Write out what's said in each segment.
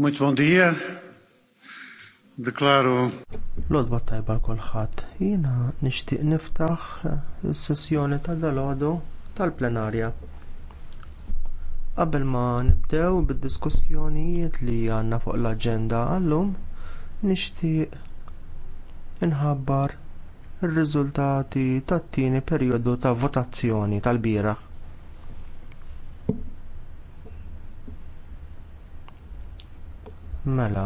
Muito bom dia. Deklaru. Lodba tajba kolħat. Jina nishtiq niftaħ eh, s-sessjoni tal-dalodu tal-plenarja. Qabel ma nibdew bid-diskussjonijiet li għanna fuq l-agenda għallum, nishtiq inħabbar il-riżultati tat-tieni perjodu ta' votazzjoni tal-biraħ. Mela,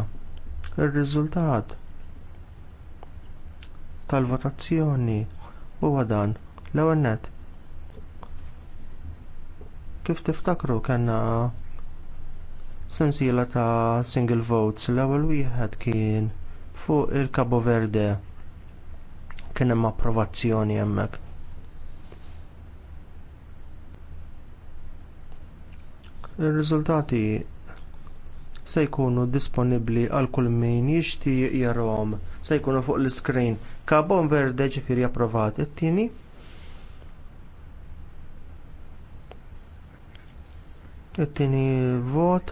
ir-riżultat tal-votazzjoni huwa dan l-ewwel nett. Kif tiftakru kellna sensiela ta' single votes l-ewwel wieħed kien fuq il-Cabo Verde kien hemm approvazzjoni hemmhekk. Ir-riżultati se jkunu disponibbli għal kull min jixtieq jarahom se jkunu fuq l-iskrin. Kabon verde ġifieri approvat. It-tieni it-tieni vot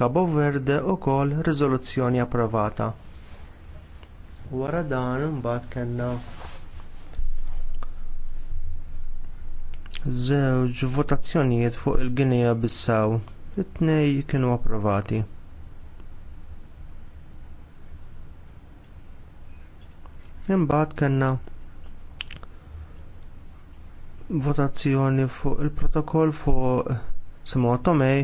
Cabo Verde wkoll riżoluzzjoni approvata. Wara dan imbagħad kellna żewġ votazzjonijiet fuq il-Ginea Bissaw it-tnej kienu approvati. Imbagħad kellna votazzjoni fuq il-protokoll fuq Simo Tomei,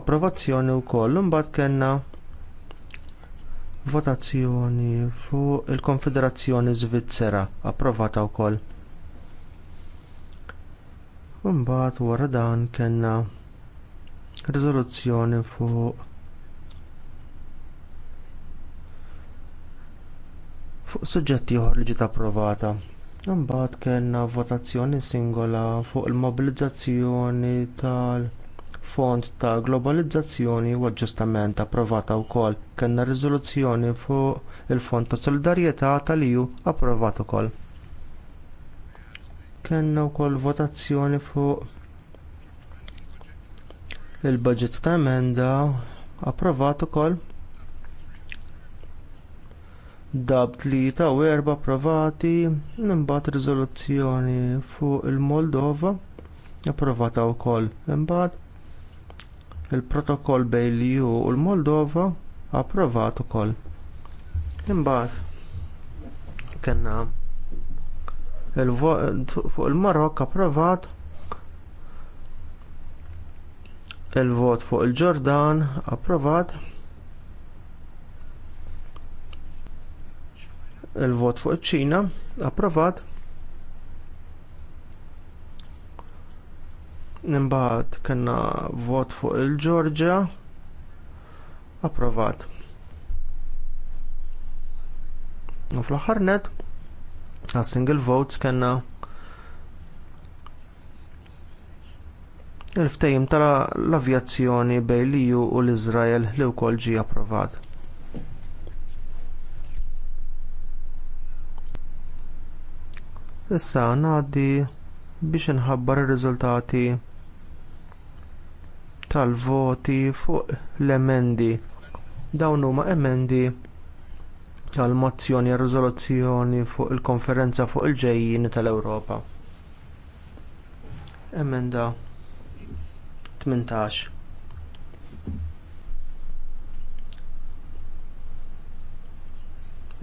approvazzjoni wkoll imbagħad kellna votazzjoni fuq il-Konfederazzjoni Svizzera, approvata wkoll. Imbagħad wara dan kellna riżoluzzjoni fuq fuq suġġetti oħra li ġiet approvata. Imbagħad kellna votazzjoni singola fuq il-mobilizzazzjoni tal-Fond ta' Globalizzazzjoni u Aġġustament approvata wkoll. Kellna riżoluzzjoni fuq il-Fond ta' Solidarjetà tal-EU approvat ukoll. Kellna wkoll votazzjoni fuq il-budget ta' emenda approvat ukoll dab tlieta u erba' approvati imbagħad riżoluzzjoni fuq il-Moldova approvata wkoll imbagħad il-protokoll bejn l-EU u l-Moldova approvat ukoll. Imbagħad kellna il-vot fuq il-Marokk approvat il-vot fuq il-Ġordan approvat il-vot fuq iċ ċina approvat Imbagħad kellna vot fuq il-Ġorġja approvat u fl-aħħar net għas single votes kellna il-ftejim tal-avjazzjoni bej l-EU u l-Izrael li wkoll ġie approvat. Issa ngħaddi biex inħabbar ir-riżultati tal-voti fuq l-emendi. Dawn huma emendi tal-mozzjoni r-riżoluzzjoni fuq il-konferenza fuq il ġejjini tal-Ewropa. Emenda Tmintax.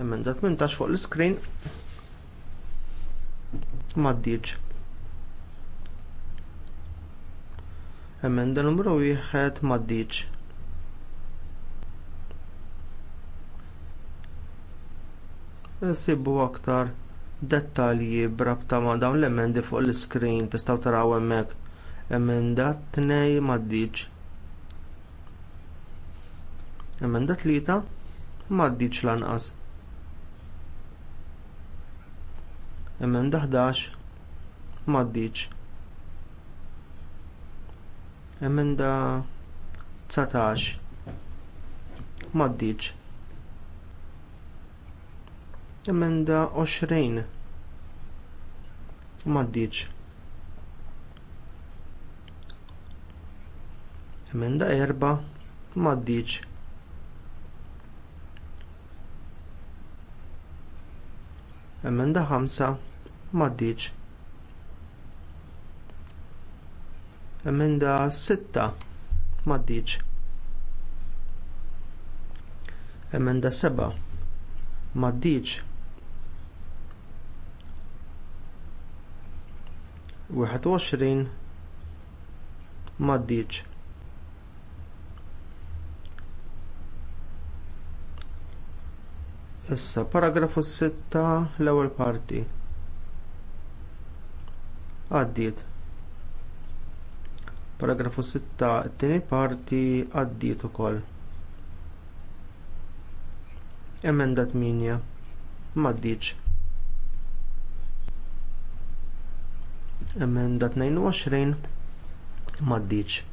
Emenda tmintax fuq l-iskrin maddiġ. Emenda numru wieħed maddiġ. Nsibu aktar dettalji brabta ma dawn l-emendi fuq l-iskrin tistgħu taraw hemmhekk emendat tnej maddiċ. Emendat tlieta maddiċ lanqas. Emenda 11 maddiċ. Emenda 19 maddiċ. Emenda 20 Emenda erba m'għaddiċ. Emenda ħamsa m'għaddiċ. Emenda sitta m'għaddiċ. Emenda seba' m'għaddiċ. Wieħed 21 m'għaddiċ. Issa, paragrafu 6 l-ewwel parti. Għaddiet. Paragrafu 6 it-tieni parti għaddiet ukoll. Emenda 8 m'għaddiċ. Emenda 22 m'għaddiċ.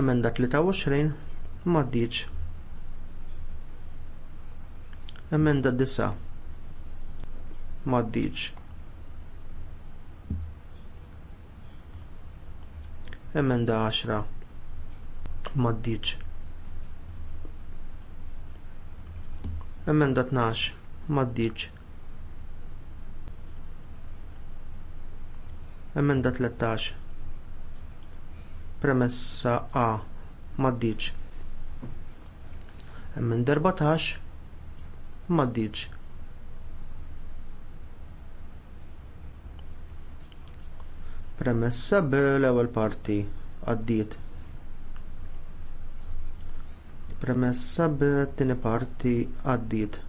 Emenda 23 m'għaddiċ. Emenda disa. Maddiċ. Emenda 10. Maddiċ. Emenda 12. Maddiċ. Emenda 13. Premessa A. Maddiċ. Emenda 14 m'għaddiċ. Premessa B l-ewwel parti għaddiet. Premessa B tieni parti għaddiet.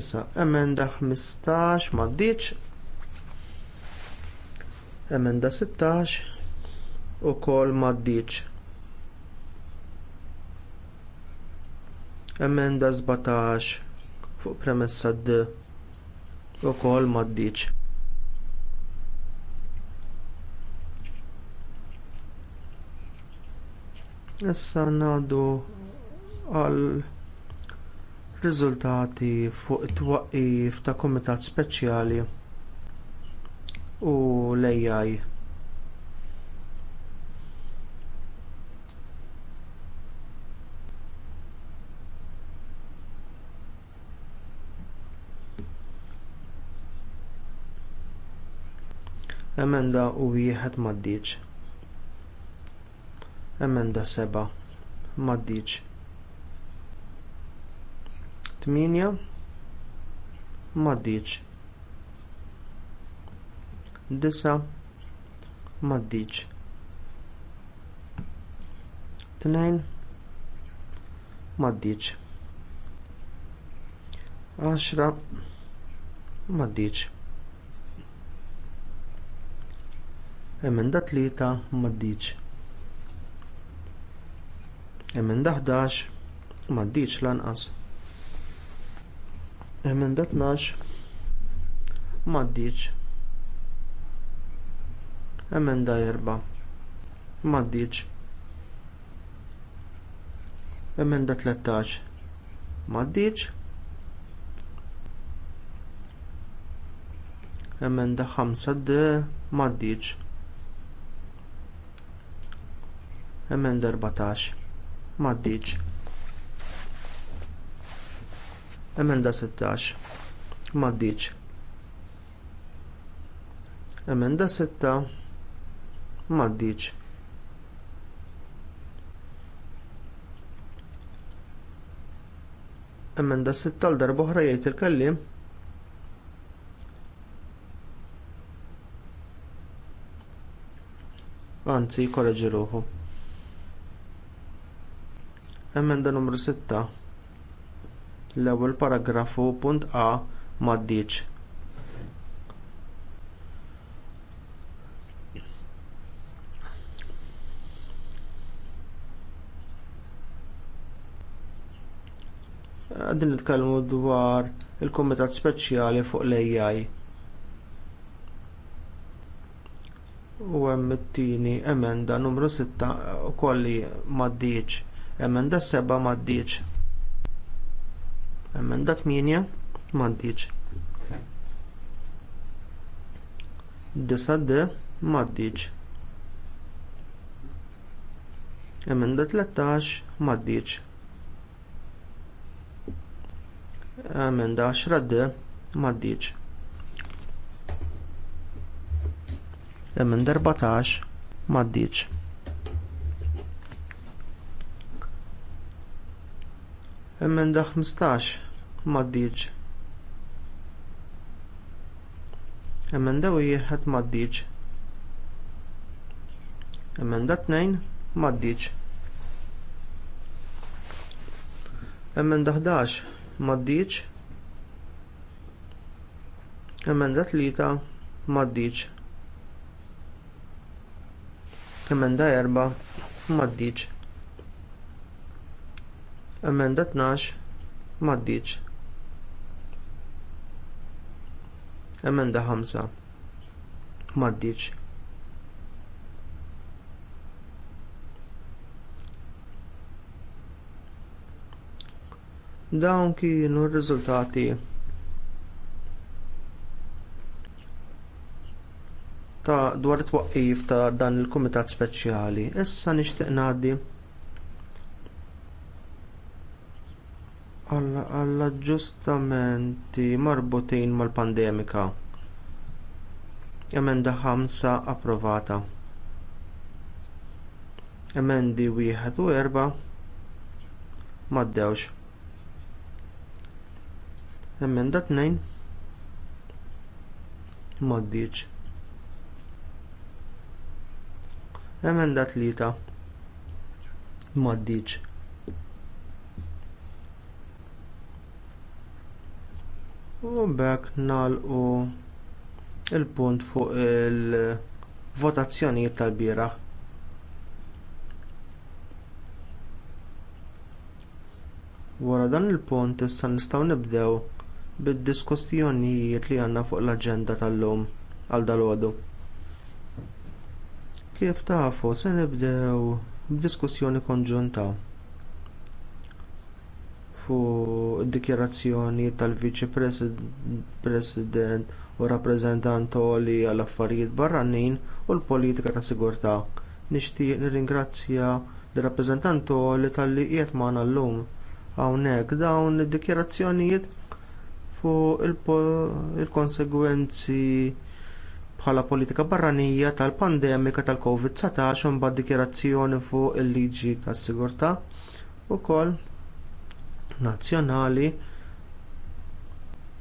Issa, emenda 15 maddiċ, emenda 16 u kol maddiċ. Emenda 17 fuq premessa d ukoll maddiċ. Issa ngħaddu għal riżultati fuq it-twaqqif ta' Kumitat speċjali u l-AI. Emenda u wieħed maddiċ. Emenda seba maddiċ. Tminja maddiċ. Disa maddiċ. Tnejn maddiċ. Għaxra maddiċ. Emenda tlieta m'għaddiċ. Emenda 11 m'għaddiċ lanqas. Emenda 12 m'għaddiċ. Emenda 4 m'għaddiċ. Emenda 13 m'għaddiċ. emenda 5 d maddiċ Emenda 14. Maddiċ. Emenda 16. Maddiċ. Emenda 6. Maddiċ. Emenda 6 għal darba oħra jgħid il-kellim anzi korreġi ruħu. Emenda numru 6. L-ewwel paragrafu punt A m'għaddiex. Għaddin nitkellmu dwar il kumitat Speċjali fuq l-AI. U hemm it-tieni emenda numru 6 ukoll m'għaddiex. Emenda seba maddiċ. Emenda 8 maddiċ. Disa d maddiċ. Emenda 13 maddiċ. Emenda x d maddiċ. Emenda 14 maddiċ Emenda 15 maddiġ. Emenda wieħed maddiġ. Emenda 2 maddiġ. Emenda 11 maddiġ. Emenda 3 maddiġ. Emenda 4 maddiġ. Emenda 12 maddiċ. Emenda 5 maddiċ. Dawn kienu r-riżultati ta' dwar it-twaqqif ta' dan il-Kumitat Speċjali. Issa nixtieq ngħaddi għall-aġġustamenti marbutin mal-pandemika. Emenda ħamsa approvata. Emendi wieħed u erba' m'għaddewx. Emenda tnejn m'għaddiċ. Emenda tlieta m'għaddiċ. U mbagħad nagħlqu il-punt fuq il-votazzjonijiet tal-bieraħ. Wara dan il-punt issa nistgħu nibdew bid-diskussjonijiet li għandna fuq l-aġenda tal-lum għal dalgħodu. Kif tafu se nibdew b'diskussjoni konġunta fuq dikjarazzjoni tal-Viċi President u rappreżentant li għall affarijiet barranin u l-politika ta' sigurtà. Nixtieq nirringrazzja l-rappreżentant li tal-li qiegħed magħna llum hawnhekk dawn id-dikjarazzjonijiet fuq il-konsegwenzi bħala politika barranija tal-pandemika tal-COVID-19 mbagħad dikjarazzjoni fuq il-liġi tas-sigurtà ukoll nazzjonali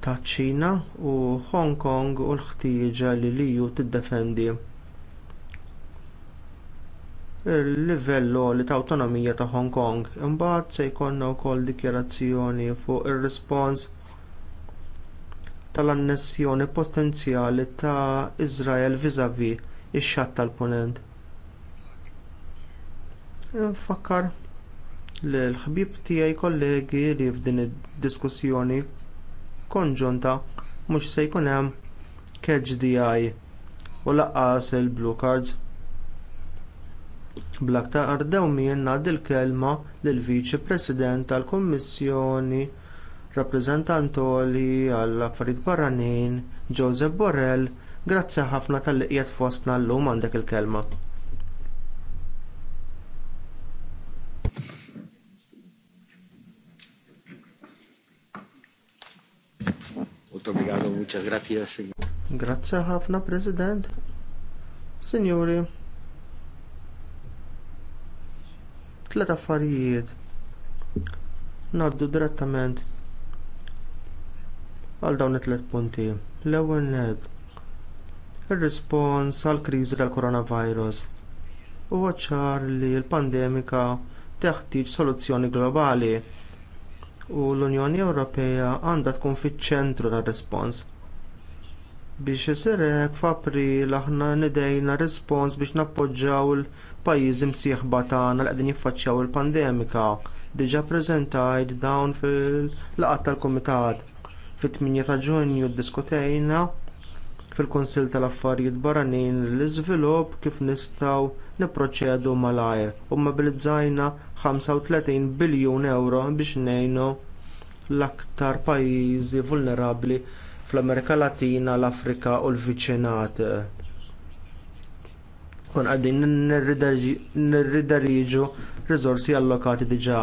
taċ ċina u hong kong u l-ħtieġa li Liju tiddefendi il-livell li ta' awtonomija ta' Hong Kong. Imbagħad se jkollna wkoll dikjarazzjoni fuq ir-rispons tal-annessjoni potenzjali ta' Iżrael vis-à-vis ix-xatt tal-Punent. Infakkar l-ħbib tiegħi kollegi li f'din id-diskussjoni konġunta mhux se jkun hemm catch DI u laqqas il-blue cards. Blaktar min ngħaddi l kelma lill viċi President tal-Kummissjoni rappreżentantoli għall affarijiet barranin Joseph Borrell, grazzi ħafna tal-liqiet fostna llum għandek il-kelma. Molto obrigado, muchas gracias. Grazie ħafna, President. Signori, tlet affarijiet. Naddu direttament għal dawn it-tlet punti. L-ewwel ned ir-rispons għall kriżi tal-coronavirus. Huwa ċar li l-pandemika teħtieġ soluzzjoni globali u l-Unjoni Ewropea għandha tkun fiċ-ċentru tar respons biex isir hekk f'April aħna nidejna rispons biex nappoġġjaw il-pajjiżi msieħba tagħna li qegħdin jiffaċċjaw il-pandemika. Diġà ppreżentajt dawn fil laqgħa tal-Kumitat. Fit-8 ta' Ġunju ddiskutejna fil-Kunsill tal-Affarijiet Barranin l-iżvilupp kif nistgħu niproċedu malajr u mobilizzajna 35 biljun euro biex ngħinu l-aktar pajjiżi vulnerabbli fl-Amerika Latina, l-Afrika u l-viċinat. Kon qegħdin nirrideriġu riżorsi allokati diġà.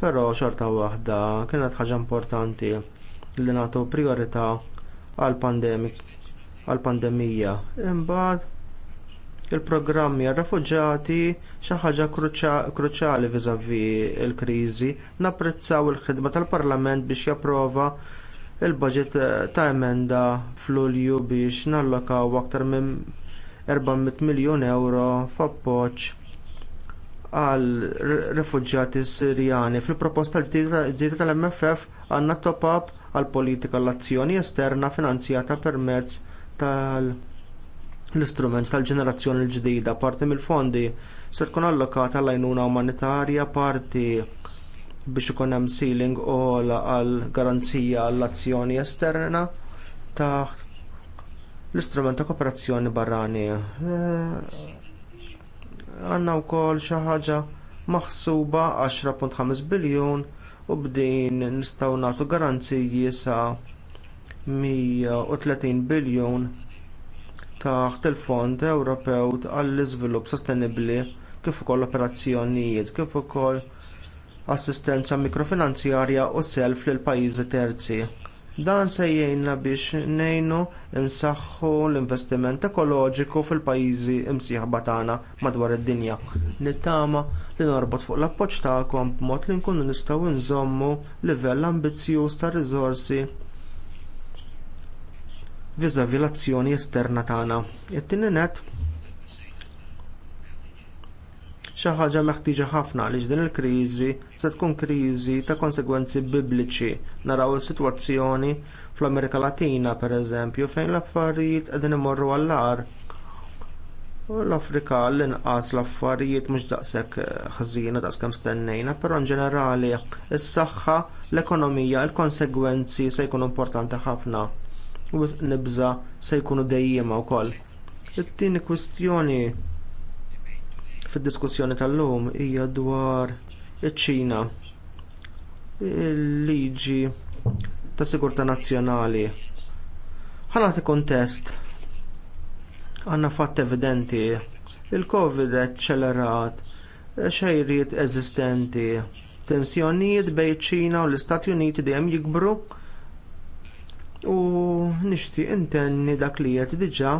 Però xorta waħda kienet ħaġa importanti li nagħtu priorità għall pandemija Imbagħad il-programmi għar-refuġjati xi ħaġa kruċjali viżavi l-kriżi. Napprezzaw il-ħidma tal-Parlament biex japprova l budget ta' emenda f'Lulju biex nallokaw aktar minn 400 miljun euro f'appoġġ għal refuġjati sirjani. Fil-proposta ġdida tal-MFF għandna top-up għall politika l-azzjoni esterna finanzjata permezz tal- L-istrument tal-ġenerazzjoni l-ġdida parti mill-fondi se tkun allokata l għajnuna umanitarja parti biex ikun hemm ceiling ola għal garanzija għall azzjoni esterna ta' l-istrument ta' kooperazzjoni barrani. Eh, Għandna wkoll xi ħaġa maħsuba 10.5 biljun u bdejn nistgħu nagħtu garanziji sa' 130 biljun taħt il-Fond Ewropew għall-Iżvilupp Sostenibbli kif ukoll operazzjonijiet, kif ukoll assistenza mikrofinanzjarja u self lil pajjiżi terzi. Dan se jgħinna biex ngħinu nsaħħu l-investiment ekoloġiku fil-pajjiżi imsieħba tagħna madwar id-dinja. Nittama li norbot fuq l-appoġġ tagħkom b'mod li nkunu nistgħu nżommu livell ambizzjuż ta' riżorsi viżavi l-azzjoni esterna tagħna. It-tieni net xi ħaġa meħtieġa ħafna għaliex din il-kriżi se tkun kriżi ta' konsegwenzi bibliċi. Naraw is-sitwazzjoni fl-Amerika Latina pereżempju fejn l-affarijiet qegħdin imorru għall-ar. U l-Afrika l-inqas l-affarijiet mhux daqshekk eh, ħżiena daqskemm stennejna, però ġenerali is-saħħa, l-ekonomija, l konsegwenzi se jkunu importanti ħafna u nibża se jkunu dejjema wkoll. It-tieni kwistjoni fid-diskussjoni tal-lum hija dwar iċ-Ċina il-liġi ta' sigurtà nazzjonali. Ħanati kontest għandna fatt evidenti il-Covid eċċelerat xejriet eżistenti. Tensjonijiet bejn ċina u l-Istati Uniti dejjem jikbru u nixtieq intenni dak li qed diġà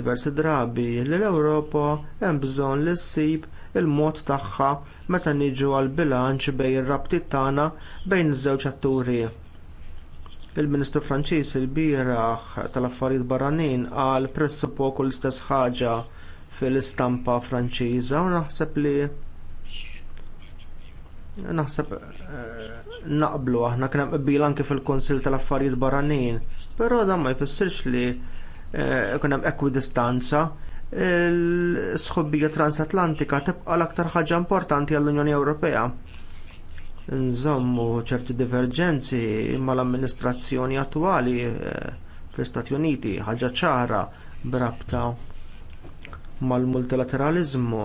diversi drabi li l-Ewropa hemm bżonn li ssib il-mod tagħha meta niġu għall bilanċ bejn ir-rabtiet tagħna bejn iż-żewġ atturi. Il-Ministru Franċiż il-bieraħ tal-Affarijiet Barranin qal poku l-istess ħaġa fil-istampa Franċiża u naħseb li naħseb eh, naqblu aħna kien hemm qbil anke fil-Kunsill tal-Affarijiet Barranin, però dan ma jfissirx li eh, kien hemm ekwidistanza l-sħubbija transatlantika tibqa' l-aktar ħaġa importanti għall-Unjoni Ewropea. Nżommu ċerti diverġenzi mal-amministrazzjoni attwali eh, fl-Istati Uniti ħaġa ċara brabta mal-multilateraliżmu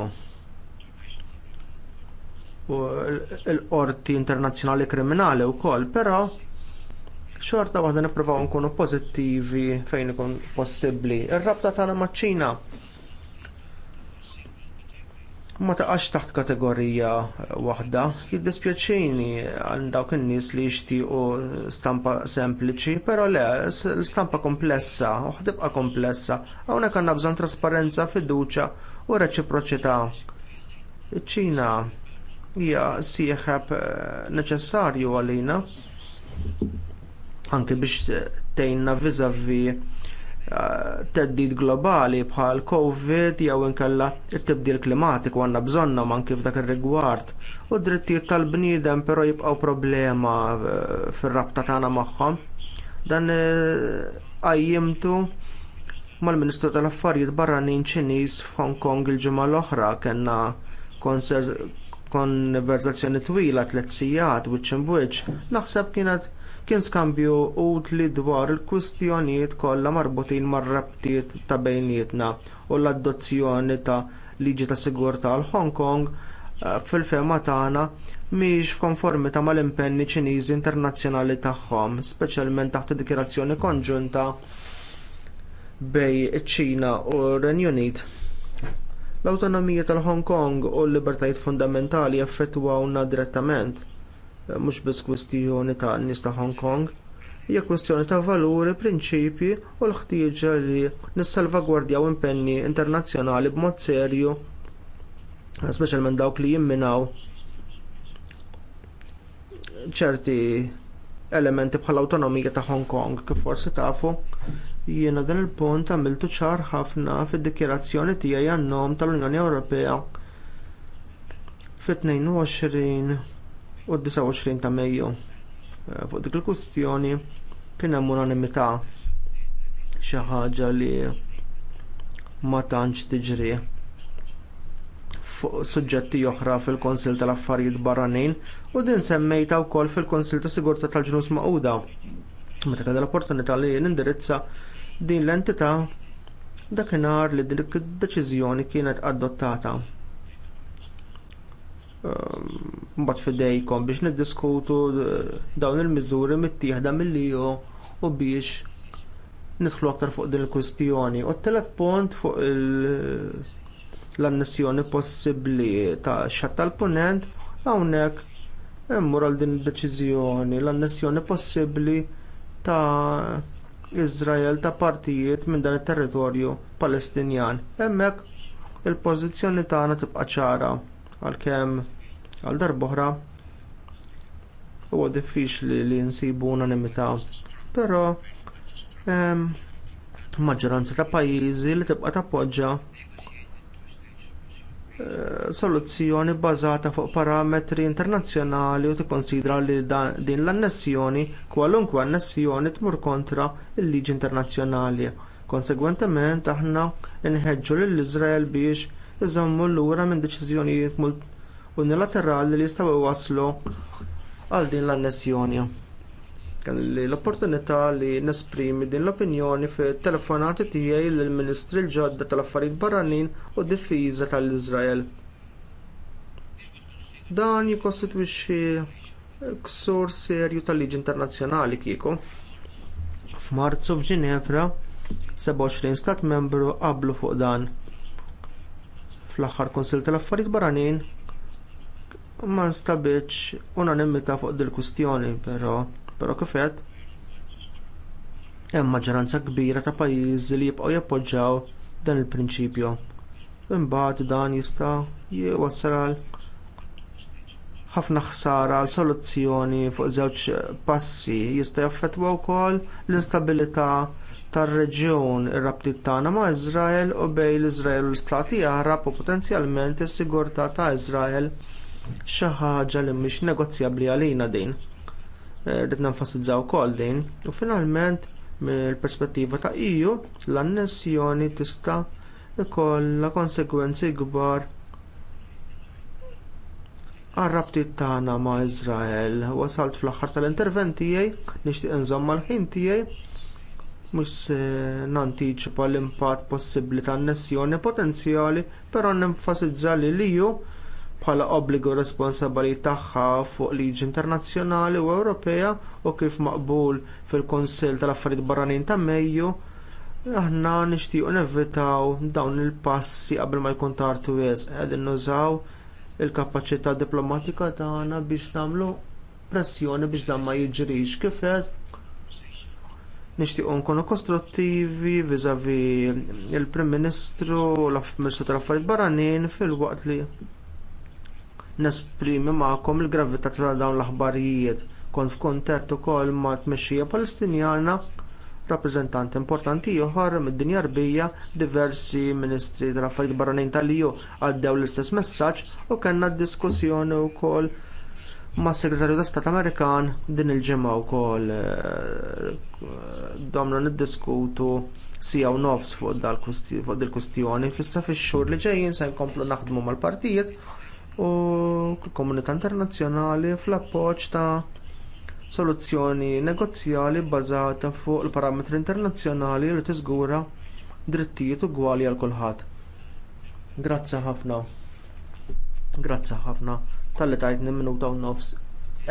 l-qorti internazzjonali kriminali wkoll, però xorta waħda nippruvaw nkunu pożittivi fejn ikun possibbli. Ir-rabta tagħna maċ-Ċina ma taqax taħt kategorija waħda, jiddispjaċini għal dawk in-nies li jixtiequ stampa sempliċi, però le, l-stampa komplessa, u ħtibqa komplessa, hawnhekk għandna bżonn trasparenza, fiduċja u reċiproċità. Iċ-Ċina hija sieħab eh, neċessarju għalina anke biex tgħinna vizavi eh, teddid globali bħal COVID jew inkella t tibdil klimatiku għandna bżonna man kif dak ir-rigward u d-drittijiet tal-bniedem però jibqgħu problema eh, fir-rabta tagħna magħhom. Dan għajjimtu mal-Ministru tal-Affarijiet Barranin Ċiniż f'Hong Kong il-ġimgħa l-oħra kellna konverzazzjoni twila tliet sigħat wiċċ imbuċ, naħseb kienet kien skambju utli dwar il-kwistjonijiet kollha marbutin mar-rabtiet ta' bejnietna u l-adozzjoni ta' liġi ta' sigurtà għal Hong Kong eh, fil-fema tagħna mhix f'konformità mal-impenni Ċiniżi internazzjonali tagħhom, speċjalment taħt id dikjerazzjoni konġunta bejn iċ-Ċina u r-Renju Unit L-awtonomija tal-Hong Kong u l-libertajiet fundamentali affettwawna direttament, eh, mhux biss kwistjoni ta' nies ta' Hong Kong, hija kwistjoni ta' valuri, prinċipji u l-ħtieġa li nissalvagwardjaw impenni internazzjonali b'mod serju, speċjalment dawk li jimminaw ċerti elementi bħal awtonomija ta' Hong Kong, kif forsi tafu, Jiena dan il-punt għamiltu ċar ħafna fid-dikjerazzjoni tiegħi għan-nom tal-Unjoni Ewropea fit-22 u 29 ta' Mejju. Eh, fuq dik il-kustjoni kien hemm unanimità xi ħaġa li ma tantx tiġri fuq suġġetti oħra fil-Konsil tal-Affarijiet Barranin u din semmejta wkoll fil-Konsil ta' Sigurtà tal-Ġnus Maquda. Meta kellha l-opportunità li nindirizza din l-entità dakinhar li dik id-deċiżjoni kienet adottata. Ehm, mbagħad fidejkom biex niddiskutu dawn il-miżuri mittieħda mill-liju u biex nidħlu aktar fuq din il-kwistjoni. U t-telet punt fuq l-annessjoni possibbli ta' xatt tal-punent hawnhekk immur għal din id-deċiżjoni l-annessjoni possibbli ta' Izrael ta' partijiet minn dan it-territorju Palestinjan. Hemmhekk il-pożizzjoni tagħna tibqa' ċara għalkemm għal darb'oħra huwa diffiċli li nsibu unanimità, però hemm maġġoranza ta' pajjiżi li tibqa' tappoġġja soluzzjoni bbażata fuq parametri internazzjonali u tikkonsidra li din l-annessjoni kwalunkwe annessjoni tmur kontra l-liġi internazzjonali. Konsegwentement aħna nħeġġu lill iżrael biex iżommu lura minn deċiżjonijiet unilaterali li jistgħu iwasslu għal din l-annessjoni li l-opportunità li nesprimi din l-opinjoni fit telefonati tiegħi lill ministri l-ġodda tal-affarijiet barranin u d difiża tal-Iżrael. Dan jikkostitwixxi ksur serju tal-liġi internazzjonali kieku. F'Marzu f'Ġinevra 27 stat membru qablu fuq dan. Fl-aħħar Kunsill tal-Affarijiet Barranin ma nstabiċ unanimità fuq dil-kustjoni, però Però kif għedt hemm maġġoranza kbira ta' pajjiżi li jibqgħu jappoġġjaw dan il-prinċipju. Imbagħad dan jista' jiwassal għal ħafna ħsara għal soluzzjoni fuq żewġ passi jista' jaffettwa wkoll l-instabilità tar-reġjun ir-rabtiet tagħna ma' Iżrael u bejn iżrael u l-Istati Arab u potenzjalment is-sigurtà ta' Iżrael xi ħaġa li mhix negozjabbli għalina din rrid nenfasizzaw ukoll din u finalment mill-perspettiva ta' EU l-annessjoni tista' ikollha konsegwenzi kbar għarrabtit tagħna ma' Izrael. Wasalt fl-aħħar tal-intervent tiegħi nixtieq inżomm mal-ħin tiegħi mhux se nantiċipa l-impatt possibbli tan-nessjoni potenzjali, però nenfasizza li liju bħala obbligu responsabbali tagħha fuq liġi internazzjonali u Ewropea u kif maqbul fil-Kunsill tal-Affarijiet Barranin ta' Mejju, aħna nixtiequ nevitaw dawn il-passi qabel ma jkun tard wisq qegħdin nużaw il-kapaċità diplomatika tagħna biex nagħmlu pressjoni biex dan ma jiġrix kif qed nixtiequ nkunu kostruttivi viżavi il-Prim Ministru u l-Ministru tal-Affarijiet Barranin fil-waqt li nesprimi magħkom il-gravità ta' dawn l-aħbarijiet. Kont f'kuntett ukoll ma' tmexxija Palestinjana rappreżentant importanti oħra mid-dinja rbija diversi ministri tal-affarijiet barranin tal-EU għaddew l-istess messaġġ u kellna diskussjoni wkoll mas segretarju ta' Stat Amerikan din il-ġimgħa wkoll domna niddiskutu sijaw nofs fuq dil-kustjoni fissa fix-xhur li ġejjin se nkomplu naħdmu mal-partijiet u l-komunità internazzjonali fl-appoġġ ta' soluzzjoni negozjali bbażata fuq il-parametri internazzjonali li tiżgura drittijiet ugwali għal kulħadd. Grazzi ħafna. Grazzi ħafna tal-li tajtni minuta u nofs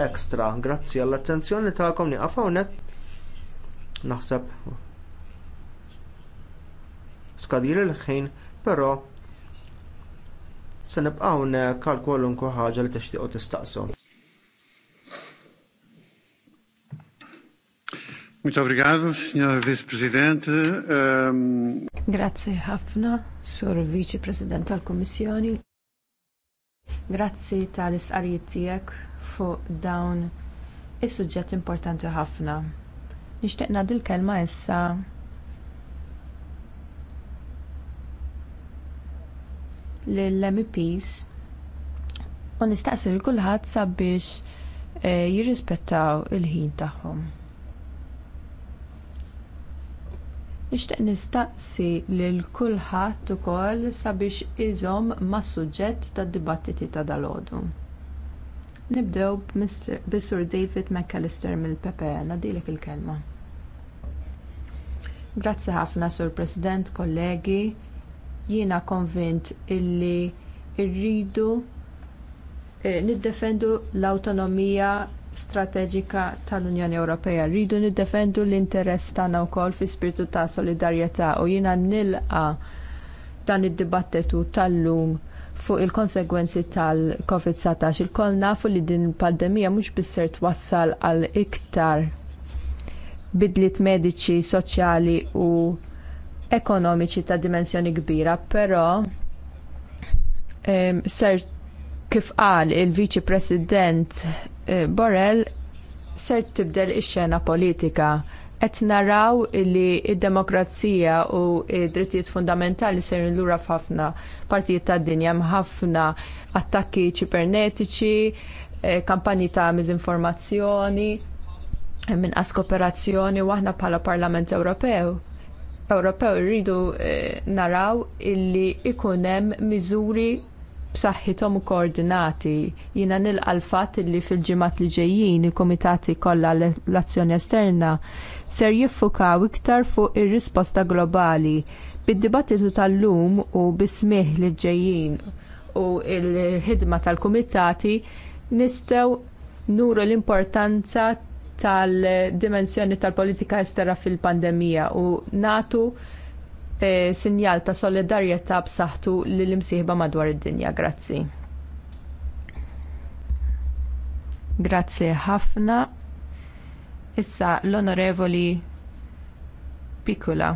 ekstra. Grazzi għall-attenzjoni tagħkom nieqaf hawnhekk naħseb skadir il-ħin, però se nibqgħu hawnhekk għal kwalunkwe ħaġa li tixtiequ tistaqsu. Muito obrigado, Sr. Vice-Presidente. Um... Grazie ħafna, Sur Vice-President tal kummissjoni Grazzi tal-isqarijiet tiegħek fuq dawn is suġġetti importanti ħafna. Nixtieq ngħaddi l-kelma issa lill-MEPs u nistaqsi lil kulħadd sabiex eh, jirrispettaw il-ħin tagħhom. Nixtieq nistaqsi lil kulħadd ukoll sabiex iżhom mas suġġett tad-dibattiti ta' dalodu. Nibdew bis-Sur David McAllister mill-PPE, nadilek il-kelma. Grazzi ħafna, Sur President, kollegi, Jiena konvint illi rridu eh, niddefendu l-awtonomija strateġika tal-Unjoni Ewropea. Rridu niddefendu l-interess tagħna wkoll fi spirtu ta' solidarjetà u jiena nilqa dan id-dibattitu tal-lum fuq il-konsegwenzi tal-COVID-19. il nafu li din il-pandemija mhux bisser twassal għal iktar bidliet mediċi, soċjali u ekonomiċi ta' dimensjoni kbira, però ser kif qal il-Viċi President eh, Borrell ser tibdel ix-xena politika. Qed naraw li d demokrazija u d-drittijiet fundamentali ser lura f'ħafna partijiet tad-dinja hemm ħafna attakki ċibernetiċi, eh, kampanji ta' miżinformazzjoni, eh, minn kooperazzjoni u aħna bħala Parlament Ewropew Ewropew rridu eh, naraw illi ikun hemm miżuri b'saħħithom koordinati. Jiena nilqal fatt illi fil-ġimgħat li ġejjin il-kumitati kollha l-azzjoni esterna ser jiffukaw iktar fuq ir-risposta globali bid-dibattitu tal-lum u bismih li ġejjin u l-ħidma tal-kumitati nistgħu nuru l-importanza tal-dimensjoni tal-politika estera fil-pandemija u natu e, sinjal ta' solidarjetà b'saħħtu lil imsieħba madwar id-dinja. Grazzi. Grazzi ħafna. Issa l-onorevoli Piccola.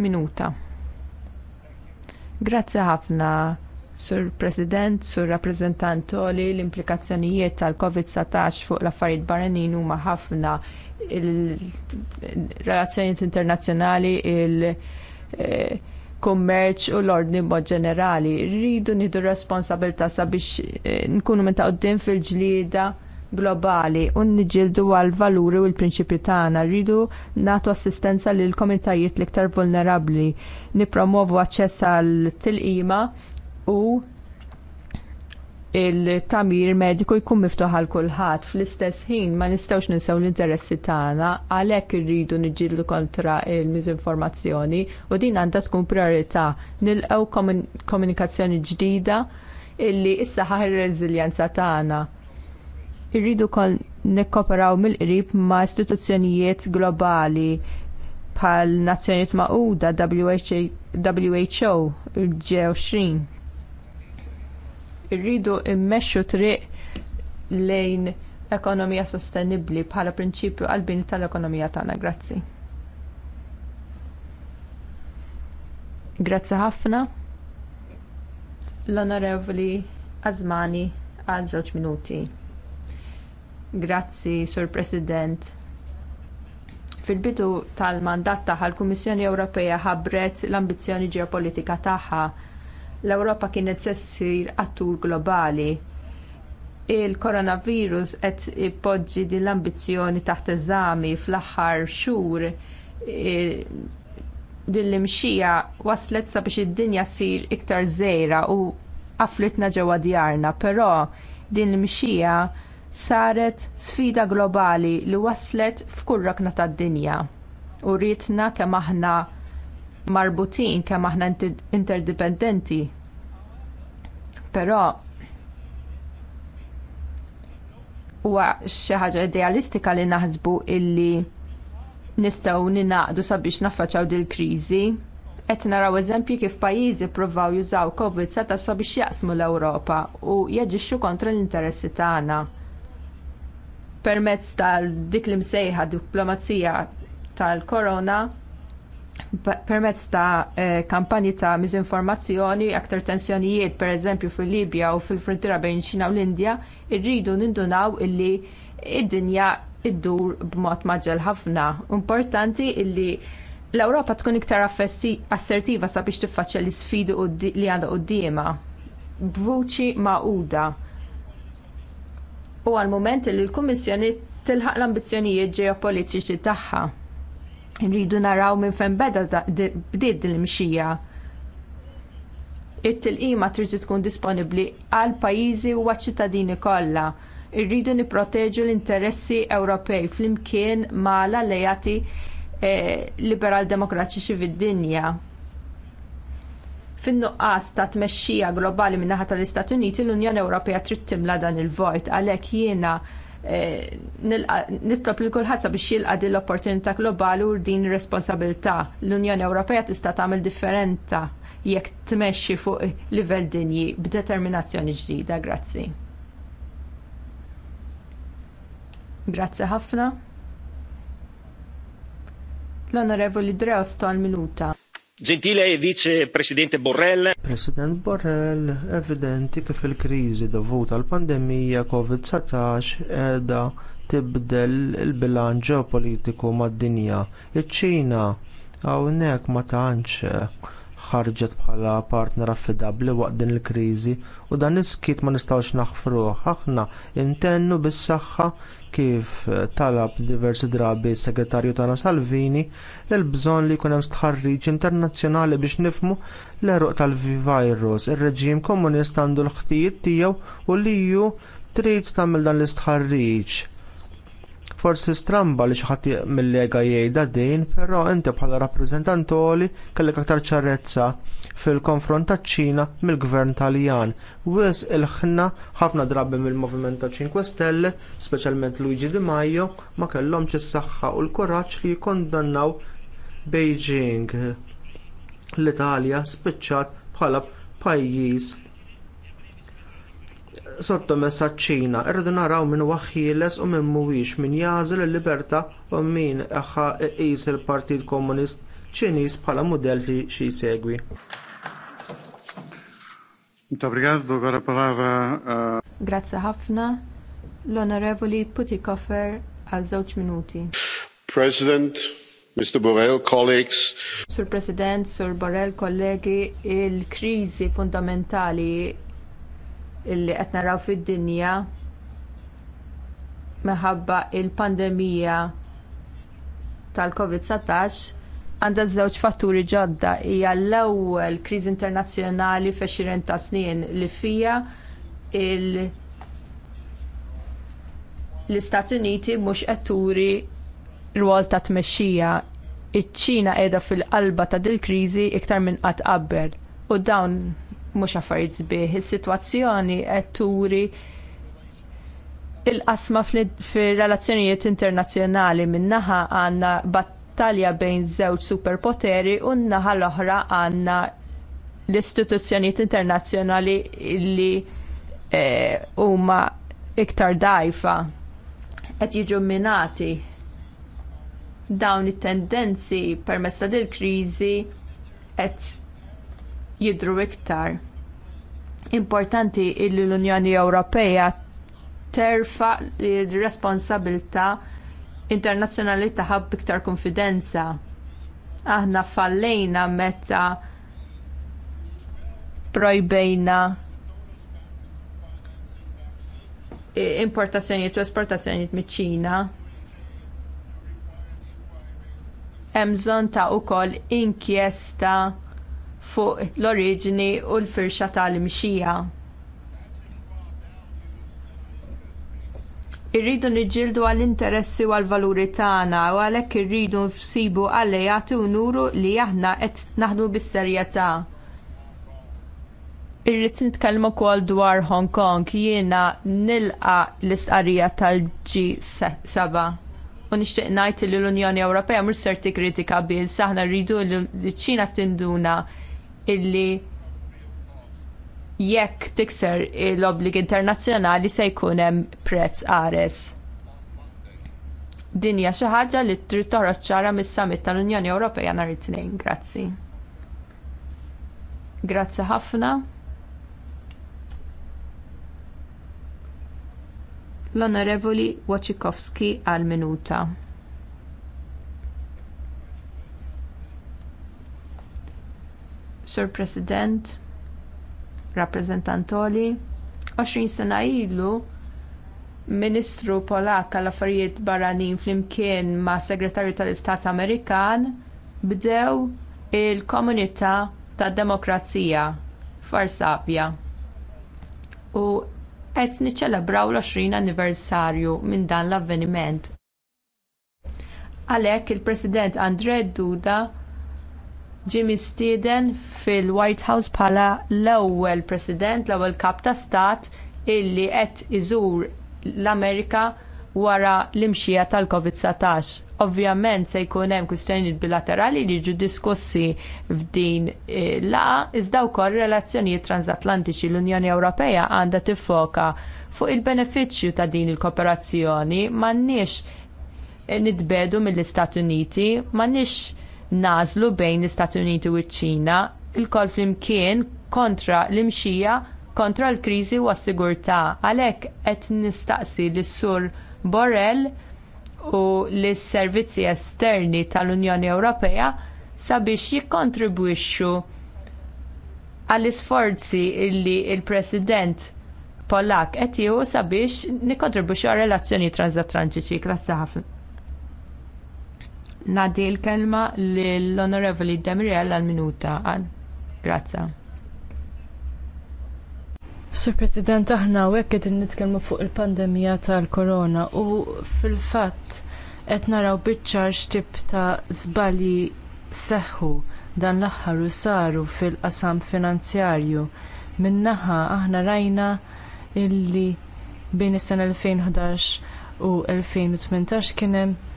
Minuta. Grazzi ħafna. Sur President, Sur Rappresentantoli, l-implikazzjonijiet tal-Covid-19 fuq l-affarijiet barranin huma ħafna il-relazzjonijiet internazzjonali, il-kummerċ u l-ordni mod ġenerali. Rridu nidu responsabilta sabiex eh, nkunu minn taqdim fil-ġlida globali u nġildu għal valuri u l-prinċipju tagħna rridu nagħtu assistenza lil komunitajiet l-iktar vulnerabbli, nippromovu aċċess għal tilqima u il-tamir mediku jkun miftuħ għal kulħadd fl-istess ħin ma nistgħux ninsew l-interessi tagħna għalhekk irridu niġġieldu kontra il-miżinformazzjoni u din għandha tkun priorità nilqgħu komunikazzjoni ġdida illi issa ħaħir ir-reżiljenza tagħna. Irridu kon nikkoperaw mill-qrib ma' istituzzjonijiet globali bħal Nazzjonijiet Magħquda WHO, WHO, il-G20 Irridu immexxu triq lejn ekonomija sostenibbli bħala prinċipju għall-bini tal-ekonomija tagħna. Grazzi. Grazzi ħafna. L-Onorevoli Azmani għal żewġ minuti. Grazzi, Sur President. Fil-bidu tal-mandat tagħha l-Kummissjoni Ewropea ħabbret l-ambizzjoni ġeopolitika tagħha l-Ewropa kienet sessir attur globali. Il-koronavirus qed ipoġġi din l-ambizzjoni taħt eżami fl-aħħar xhur e, din l-imxija waslet sabiex id-dinja ssir iktar żgħira u afflitna ġewwa djarna, però din l-imxija saret sfida globali li waslet f'kull rakna tad-dinja u rritna kemm aħna marbutin kemm aħna interdipendenti. Però huwa xi ħaġa idealistika li naħsbu illi nistgħu ninaqdu sabiex naffaċċaw dil kriżi Qed naraw eżempji kif pajjiżi ppruvaw jużaw covid seta sabiex jaqsmu l-Ewropa u jeġixxu kontra l-interessi tagħna. Permezz tal dik li msejħa diplomazija tal-korona permezz ta' eh, kampanji ta' miżinformazzjoni, aktar tensjonijiet, per eżempju, fil-Libja u fil-frontiera bejn ċina u l-Indja, irridu nindunaw illi id-dinja iddur b'mod maġġel ħafna. Importanti illi l-Ewropa tkun iktar assertiva sabiex tiffaċċja l-isfidi li għandha qudiema b'vuċi maquda. U għal mument li l-Kummissjoni tilħaq l-ambizzjonijiet ġeopolitiċi tagħha. Nridu naraw minn fejn beda bdiet din l-mxija. It-tilqima trid tkun disponibbli għal pajjiżi u għaċ-ċittadini kollha. Irridu nipproteġu l-interessi Ewropej flimkien mal alleati eh, liberal demokratiċi fid-dinja fin-nuqqas ta' tmexxija globali min-naħa tal-Istati Uniti l-Unjoni Ewropea trid timla dan il-vojt għalhekk jiena nitlob li kulħadd sabiex jilqa l-opportunità globali u din ir responsabilità. L-Unjoni Ewropea tista' tagħmel differenza jekk tmexxi fuq livell dinji b'determinazzjoni ġdida. Grazzi. Grazzi ħafna. L-Onorevoli Dreos stol minuta. Gentile Vice Presidente Borrell. President Borrell, evidenti kif il-kriżi dovuta għall pandemija COVID-19 qiegħda tibdel il-bilanċ ġeopolitiku mad-dinja. Iċ-Ċina hawnhekk ma tantx ħarġet bħala partner affidabbli waqt din il-kriżi u dan is-skit ma nistgħux naħfruh. Aħna intennu bis-saħħa kif talab diversi drabi s segretarju tagħna Salvini l bżonn li jkun hemm stħarriġ internazzjonali biex nifhmu l-eruq tal-virus. Ir-reġim komunist għandu l-ħtijiet tiegħu u li ju trid tagħmel dan l-istħarriġ Forsi stramba li xi ħadd mill-lega jgħidha din, però inti bħala rappreżentantoli kellek aktar ċarrezza fil-konfront taċ-Ċina mill-Gvern Taljan. Wis il-ħna ħafna drabi mill movimenta ta' 5 Stelle, speċjalment Luigi Di Maio, ma kellhomx is-saħħa u l-kuraġġ li jikkondannaw Beijing. L-Italja spiċċat bħala pajjiż sotto messaċċina, irridu naraw minn waħħieles u minn mhuwiex min jażel il-libertà u min eħħa iqis il-Partit Komunist Ċiniż bħala mudell li xi jsegwi. Grazzi ħafna l-Onorevoli Putikoffer għal żewġ minuti. President, Mr. Borrell, colleagues. Sur President, Sur Borrell, kollegi, il-krizi fundamentali illi qed naraw fid-dinja minħabba l pandemija tal-COVID-19 għandha żewġ fatturi ġodda hija l-ewwel kriżi internazzjonali fexxiren ta' snin li fija l-Istati Uniti mhux qed turi rwol ta' tmexxija. Iċ-Ċina qiegħda fil-qalba ta' dil kriżi iktar minn qatt qabel u dawn mhux affarijiet sbieħ, is-sitwazzjoni qed turi il-qasma fir-relazzjonijiet internazzjonali min-naħa għandna battalja bejn żewġ superpoteri u n-naħa l-oħra għandna l-istituzzjonijiet internazzjonali li e, huma iktar dgħajfa qed jiġu minati dawn it-tendenzi permezz ta' dil-kriżi qed jidhru iktar. Importanti li l-Unjoni Ewropea terfa l responsabilità internazzjonali tagħha iktar konfidenza. Aħna fallejna meta projbejna importazzjonijiet u esportazzjonijiet miċ-Ċina. Hemm bżonn ta' ukoll inkjesta fuq l-oriġini u l-firxa tal mxija Irridu niġġieldu għall interessi u għall valuri tagħna u għalhekk irridu nsibu allejati u nuru li aħna qed naħdmu bis-serjetà. Irrid nitkellem ukoll dwar Hong Kong jiena nilqa l-istqarrija tal-G7 u nixtieq ngħid li l-Unjoni Ewropea mhux ser tikkritika biss aħna rridu li ċ-Ċina tinduna illi jekk tikser l-obbligi internazzjonali se jkun hemm prezz qares. Din hija xi ħaġa li trid toħroġ ċara mis-summit tal-Unjoni Ewropea nhar it-tnejn. Grazzi. Grazzi ħafna. L-Onorevoli Wachikowski għal minuta. Sur President, rappresentantoli, 20 sena ilu Ministru Polak għal affarijiet barranin flimkien ma' Segretarju tal-Istat Amerikan bdew il-komunità tad demokrazija f'Arsapja. U qed niċċelebraw l-20 anniversarju minn dan l-avveniment. Għalhekk il-President Andre Duda Jimmy Steeden fil-White House bħala l-ewwel president, l-ewwel kap ta' stat illi qed iżur l-Amerika wara l-imxija tal-COVID-19. Ovvjament se jkun hemm kwistjonijiet bilaterali li jiġu diskussi f'din eh, laqgħa, iżda wkoll relazzjonijiet transatlantiċi l-Unjoni Ewropea għandha tiffoka fuq il-benefiċċju ta' din il-kooperazzjoni m'għandniex eh, nitbedu mill-Istati Uniti, m'għandniex nażlu bejn l-Istati Uniti u ċ-Ċina il flimkien kontra l-imxija kontra l-kriżi u s-sigurtà. Għalhekk qed nistaqsi lis-Sur Borrell u lis servizzi esterni tal-Unjoni Ewropea sabiex jikkontribwixxu għall isforzi li l president Polak qed jieħu sabiex nikkontribwixxu għal relazzjoni transatlantiċi. Grazzi ħafna. Nadi l-kelma l-Onorevoli Demirel għal-minuta. Grazza. Sur President, aħna u għek nitkellmu fuq il-pandemija tal-korona u fil-fatt qed naraw biċċar x'tip ta' żbalji seħħu dan l-aħħar u saru fil-qasam finanzjarju. Min-naħa aħna rajna illi bejn is-sena 2011 u 2018 kien hemm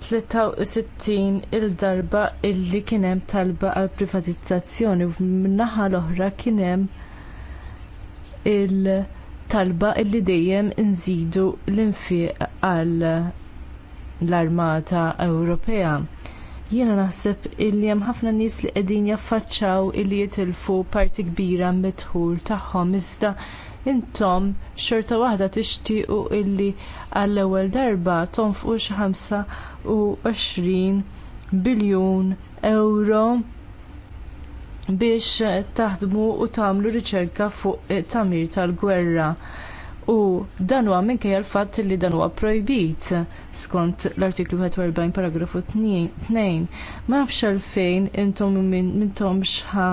63 il-darba illi kien hemm talba għal privatizzazzjoni u min-naħa l-oħra kien hemm il-talba illi dejjem inżidu l-infiq għal l-Armata Ewropea. Jiena naħseb illi hemm ħafna nies li qegħdin jaffaċċaw illi jitilfu parti kbira mid-dħul tagħhom iżda intom xorta waħda tixtiequ illi għall-ewwel darba tonfqu xi 25 biljun euro biex taħdmu u tagħmlu riċerka fuq tamir tal-gwerra. U dan huwa minkejja l-fatt li dan huwa projbit skont l-artiklu 41 paragrafu 2. Ma nafx għalfejn intom mintom xħa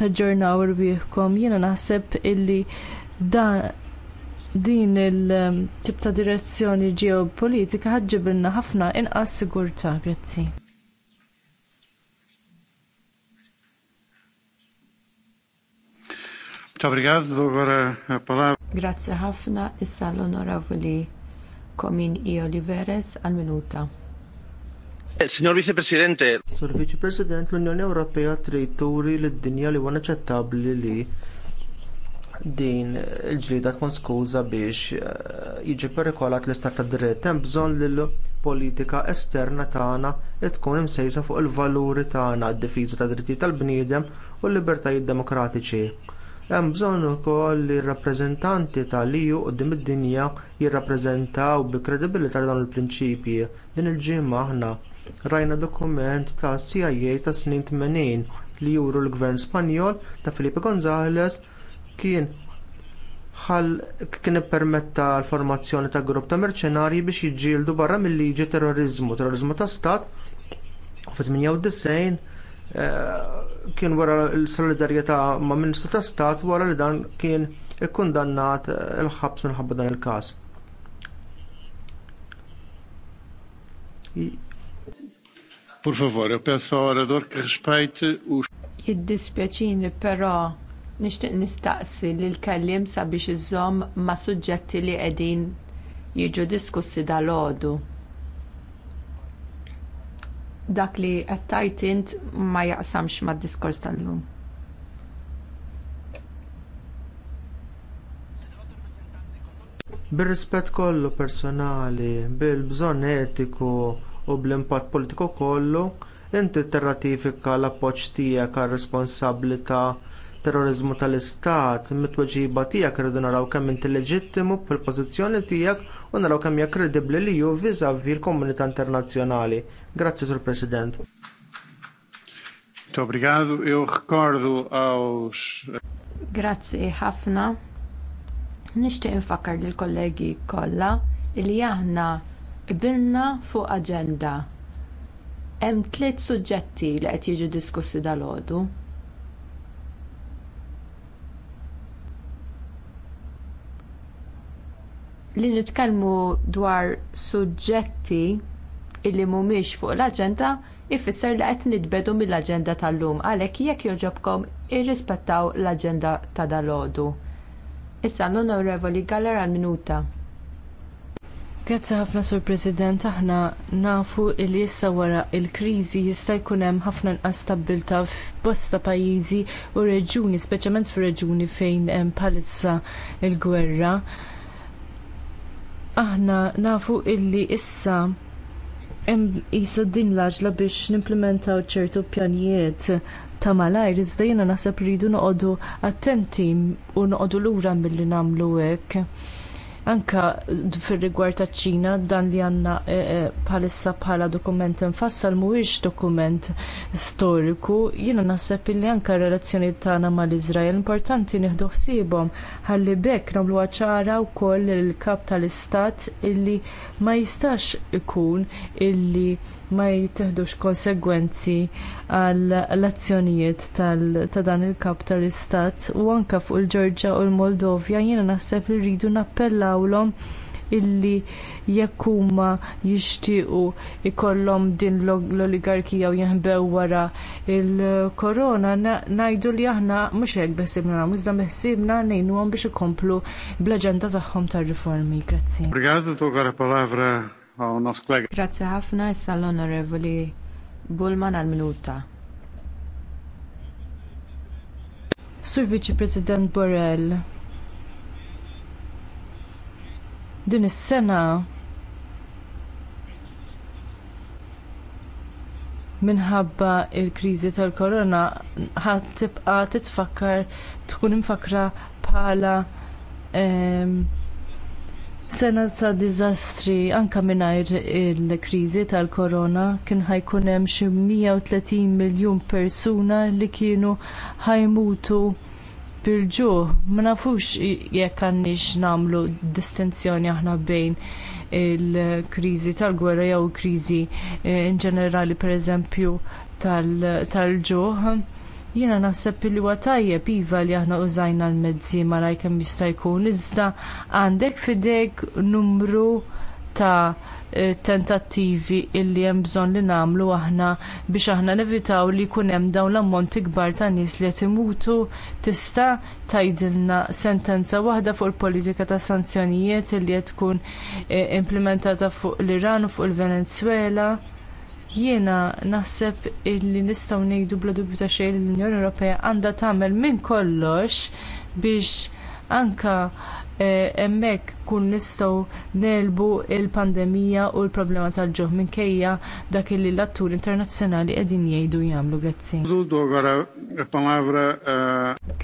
taġġornaw rbieħkom jiena naħseb illi da din il-tip ta' direzzjoni ġeopolitika ħadġibilna ħafna inqas sigurtà, grazzi. Grazzi ħafna issa l-onoravoli Comin i Oliveres għal minuta. Signor Vice Presidente. Sur Vice President, l-Unjoni Ewropea trid turi lid dinja li huwa aċċettabbli li din il ġlieda tkun skuża biex eh, jiġi perikolat l-istat ta' dritt. Hemm bżonn li l-politika esterna tagħna tkun imsejsa fuq il-valuri tagħna d-difiża ta' drittijiet tal-bniedem u l-libertajiet demokratiċi. Hemm bżonn ukoll li r-rappreżentanti tal-EU quddiem id-dinja jirrappreżentaw bi kredibilità dawn il-prinċipji. Din il-ġimgħa aħna rajna dokument ta' CIA ta' snin 80 li juru l-gvern Spanjol ta' Felipe González kien ħal kien ippermetta l-formazzjoni ta' grupp ta' merċenarji biex jiġġieldu barra mill-liġi terrorizmu, terrorizmu ta' stat u fit-98 eh, kien wara l-solidarjetà ma' Ministru ta' Stat wara li dan kien ikkundannat eh, il-ħabs minħabba dan il-każ. Pur favore, penso ora d'orca spajt u. però Nixtieq nistaqsi lill kellim sabiex iżżomm ma' suġġetti li qegħdin jiġu diskussi dal Dak li qed tajt int ma jaqsamx mad diskors tal-lum. Bir-rispett kollu personali, bil-bżonn etiku u bl-impatt politiku kollu, inti tirratifika l appoġġ tiegħek għar responsabilità terrorizmu tal-Istat, mit-tweġiba tiegħek irridu naraw kemm inti leġittimu fil-pożizzjoni tiegħek u naraw kemm hija kredibbli li hu viżavi l-komunità internazzjonali. Grazzi, Sur President. Obrigado, eu recordo aos. Grazzi ħafna. Nixtieq infakkar lill kollegi kollha li aħna qbilna fuq aġenda hemm tliet suġġetti li qed jiġu diskussi dalgħodu. li nitkellmu dwar suġġetti illi mhumiex fuq l-aġenda ifisser li qed nitbedu mill-aġenda tal-lum għalhekk jekk joġobkom irrispettaw l-aġenda ta' dalodu. Issa l-Onorevoli Galler minuta. Grazzi ħafna Sur President, aħna nafu li issa wara il-kriżi jista' jkun hemm ħafna inqas stabbilta f'bosta pajjiżi u reġuni, speċjalment f'reġuni fejn hemm bħalissa il-gwerra. l il gwerra aħna nafu illi issa hemm isa din l-għaġla biex nimplementaw ċertu pjanijiet ta' malajr iżda jiena naħseb rridu noqogħdu attenti u noqogħdu lura milli nagħmlu hekk Anka fir-rigward taċ-Ċina dan li għandna bħalissa eh, eh, bħala dokument infassal mhuwiex dokument storiku, jiena naħseb illi anke r-relazzjonijiet tagħna mal-Iżrael importanti nieħdu ħsiebhom ħalli bekk nagħmluha ċara wkoll il-kap tal-istat illi ma jistax ikun illi ma jiteħdux konsegwenzi għall azzjonijiet ta' dan il-kap tal-istat u anke fuq il-Ġorġa u l-Moldovja jiena naħseb li rridu nappellawlhom illi jekk huma jixtiequ ikollhom din l-oligarkija u jaħbew wara il-korona ngħidu li aħna mhux hekk beħsibna nagħmlu iżda beħsibna ngħinuhom biex ikomplu bl-aġenda tagħhom tar-riformi. Grazzi. Grazzi ħafna issa l-Onorevoli Bullman għal minuta. Sur Vice President Borrell, din is-sena minħabba il-kriżi tal-korona ħad tibqa titfakkar tkun imfakkra bħala ehm, sena ta' diżastri anke mingħajr il-kriżi tal-korona kien ħajkun hemm xi 130 miljun persuna li kienu ħajmutu bil-ġu, ma nafux jekk għandix nagħmlu distinzjoni aħna bejn il-kriżi tal-gwerra jew kriżi eh, in ġenerali pereżempju tal-ġuħ. Tal Jiena naħseb li huwa tajjeb iva li aħna użajna l-mezzi malaj kemm jista' jkun iżda għandek fidejk numru ta' eh, tentattivi illi hemm bżonn li nagħmlu aħna biex aħna nevitaw li jkun hemm dawn l-ammonti kbar ta' nies li qed imutu tista' tgħidilna sentenza waħda fuq il-politika ta' sanzjonijiet illi qed tkun eh, implementata fuq l-Iran u fuq il-Venezuela jiena naħseb illi nistgħu ngħidu bla dubju ta' xejn l-Unjoni Ewropea għandha tagħmel minn kollox biex anka eh, hemmhekk kun nistgħu nelbu l pandemija u l-problema tal-ġuħ minkejja dak li l-atturi internazzjonali qegħdin jgħidu jagħmlu grazzi. Eh,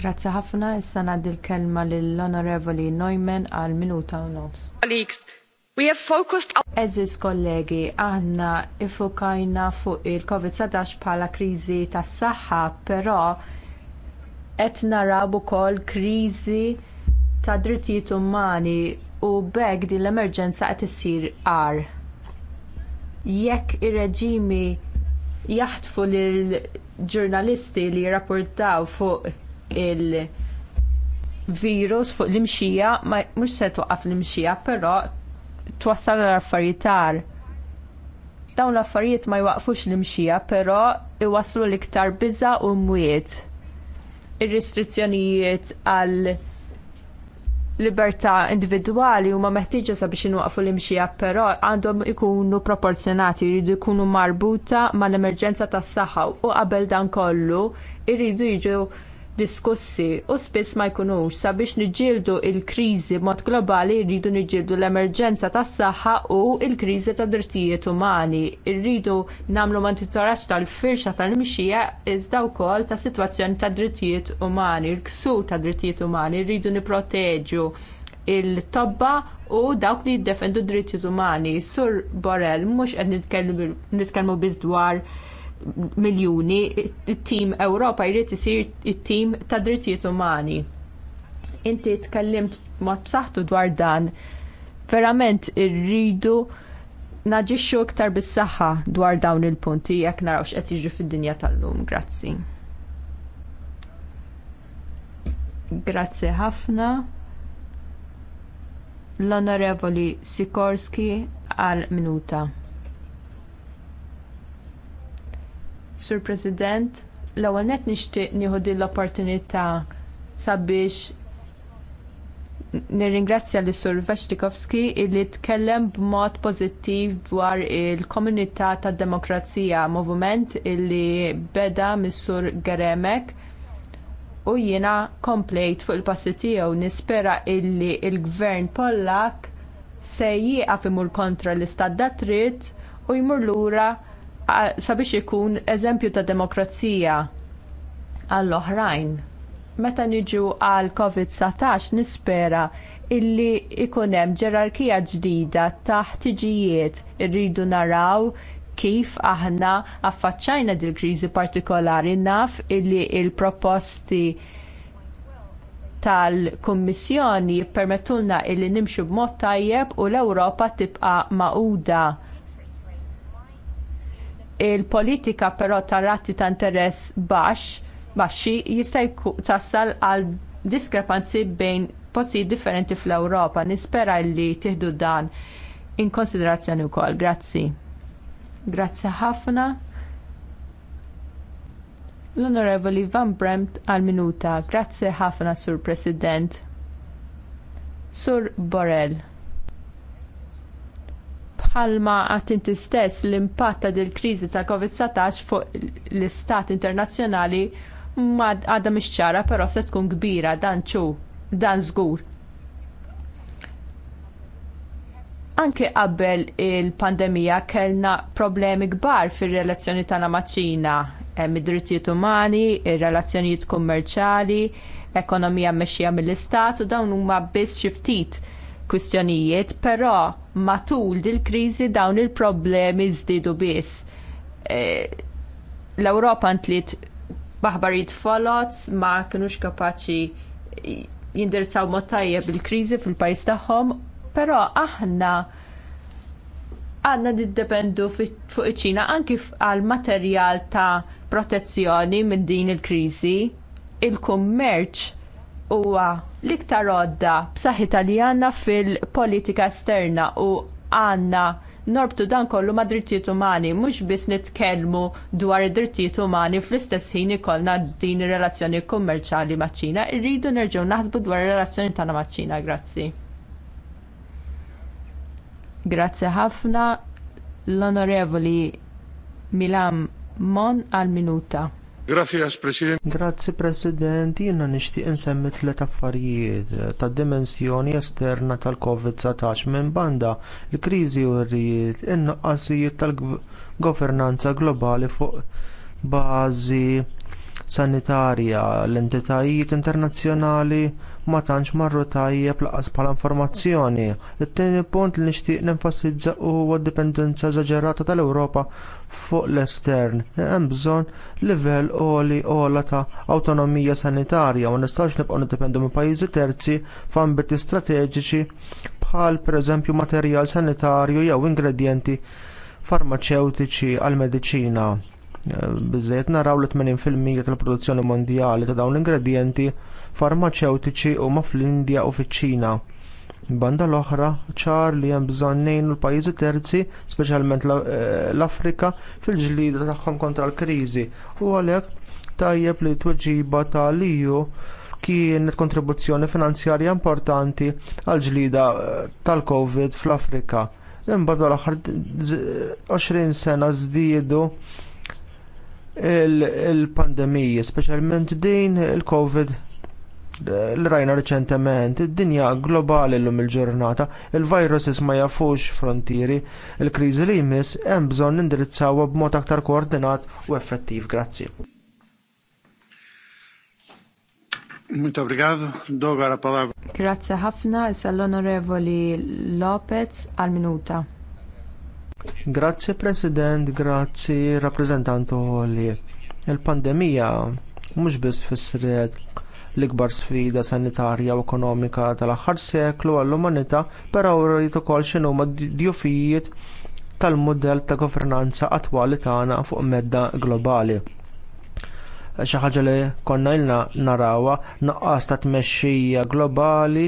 grazzi ħafna issa ngħaddi l-kelma lill-Onorevoli Neumann għal minuta u nofs. We have focused on... Eżis kollegi, aħna ifukajna fuq il-COVID-19 bħala kriżi tas saħħa però qed naraw ukoll kriżi ta' drittijiet umani u b'hekk din l-emerġenza qed issir għar. Jekk ir-reġimi jaħtfu lil ġurnalisti li jirrapportaw fuq il- virus fuq l-imxija, mhux se twaqqaf l-imxija, però twassal l-affarijiet Dawn l-affarijiet ma jwaqfux l-imxija, però iwasslu l-iktar biża u mwiet. Ir-restrizzjonijiet għal libertà individwali huma meħtieġa sabiex inwaqfu l-imxija, però għandhom ikunu proporzjonati, jridu jkunu marbuta mal emerġenza tas saħħa u qabel dan kollu jridu jiġu diskussi u spiss ma jkunux sabiex niġġieldu l kriżi mod globali rridu niġġieldu l-emerġenza tas saħħa u l kriżi tad drittijiet umani. Irridu nagħmlu monitoraġġ tal-firxa tal-mixija iżda wkoll ta' sitwazzjoni tad drittijiet umani, il-ksur tad drittijiet umani, rridu nipproteġu il-tobba u dawk li jiddefendu d drittijiet umani. Sur Borrell mhux qed nitkellmu biss dwar miljuni, it-tim Ewropa jrid isir it-tim ta' drittijiet umani. Inti tkellimt mod b'saħħtu dwar dan, verament irridu naġixxu iktar bis-saħħa dwar dawn il-punti jekk naraw x'qed jiġri fid-dinja tal-lum. Grazzi. Grazzi ħafna. L-Onorevoli Sikorski għal minuta. Sur President, l-ewwel net nixtieq nieħu din l-opportunità sabiex nirringrazzja lis sur Vashtikovski illi tkellem b'mod pożittiv dwar il-komunità tad-demokrazija, moviment illi beda mis-sur Geremek u jiena komplejt fuq il-passi tiegħu nispera illi l il gvern Pollak se jieqaf imur kontra l-istat dat dritt u jmur lura sabiex ikun eżempju ta' demokrazija għall-oħrajn. Meta niġu għal COVID-19 nispera illi ikun hemm ġerarkija ġdida ta' ħtiġijiet irridu naraw kif aħna affaċċajna dil kriżi partikolari naf illi l il proposti tal kummissjoni jippermettulna illi nimxu b'mod tajjeb u l-Ewropa tibqa' maquda Il-politika però ta' rati ta' interess baxx baxxi jista' tassal għal diskrepanzi bejn posti differenti fl-Ewropa. Nispera li tieħdu dan in konsiderazzjoni wkoll. Grazzi. Grazzi ħafna. L-Onorevoli Van Bremt għal minuta. Grazzi ħafna, Sur President. Sur Borrell bħalma għat inti stess l-impatt ta' dil kriżi tal-COVID-19 fuq l-istat internazzjonali ma għadha mhix ċara però se tkun kbira dan ċu, dan żgur. Anke qabel il-pandemija kellna problemi kbar fir-relazzjoni tagħna maċ-Ċina, hemm id-drittijiet umani, ir-relazzjonijiet kummerċjali, ekonomija mmexxija mill-istat u dawn huma biss xi ftit kwistjonijiet, però matul dil-kriżi dawn il-problemi żdiedu biss. E, L-Ewropa tliet baħbarit folot ma kinux kapaċi jindirizzaw mod tajjeb il-kriżi fil-pajjiż tagħhom, però aħna għandna niddependu fuq iċ-Ċina anki għal materjal ta' protezzjoni minn din il-kriżi. Il-kummerċ huwa l-iktar għodda b'saħħitha taljana għandna fil-politika esterna u għandna norbtu dan kollu ma' drittijiet umani, mhux biss nitkellmu dwar id-drittijiet umani fl-istess ħin ikollna din ir-relazzjoni kummerċjali maċ-Ċina, irridu nerġgħu naħsbu dwar ir-relazzjoni tagħna maċ-Ċina, grazzi. Grazzi ħafna l-Onorevoli Milam Mon għal minuta. Grazie, President. Grazie, President. Jina nishti insemmi tlet affarijiet ta' dimensjoni esterna tal-COVID-19 minn banda l-krizi u rrijiet in-naqqasijiet tal-governanza globali fuq bażi sanitarja l-entitajiet internazzjonali ma tantx marru tajjeb plaqas bħala informazzjoni. It-tieni punt li nixtieq nenfasizza huwa d-dipendenza eżaġerata tal-Ewropa fuq l-estern. Hemm bżonn livell għoli għola ta' awtonomija sanitarja u nistax nibqgħu niddependu minn pajjiżi terzi f'ambiti strateġiċi bħal pereżempju materjal sanitarju jew ingredjenti farmaceutiċi għall mediċina Biżejjed naraw li 80% tal-produzzjoni mondjali ta' dawn l-ingredienti farmaceutiċi huma fl-Indja u fiċ-Ċina. Banda l-oħra ċar li hemm bżonn l-pajjiżi terzi, speċjalment eh, l-Afrika, fil-ġlida tagħhom kontra l-kriżi u għalhekk tajjeb li tweġiba tal-EU kienet kontribuzzjoni finanzjarja importanti għal ġlida eh, tal-Covid fl-Afrika. Imbagħad l-aħħar 20 eh, sena żdiedu il-pandemija, speċjalment din il-COVID l-rajna reċentement, id-dinja globali llum il-ġurnata, il-virus ma jafux frontieri, il kriżi li jmiss hemm bżonn nindirizzawha b'mod aktar koordinat u effettiv. Grazzi. Muito obrigado. Dou a palavra. Grazie ħafna, l-Onorevoli Lopez għal minuta. Grazzi President, grazzi rappresentantu li. Il-pandemija mhux biss fissret l-ikbar sfida sanitarja u ekonomika tal-aħħar seklu għall-umanità, però rrid ukoll x'inhuma djufijiet tal mudell ta' governanza attwali tagħna fuq medda globali. Xi ħaġa li konna ilna narawha naqqas ta' tmexxija globali,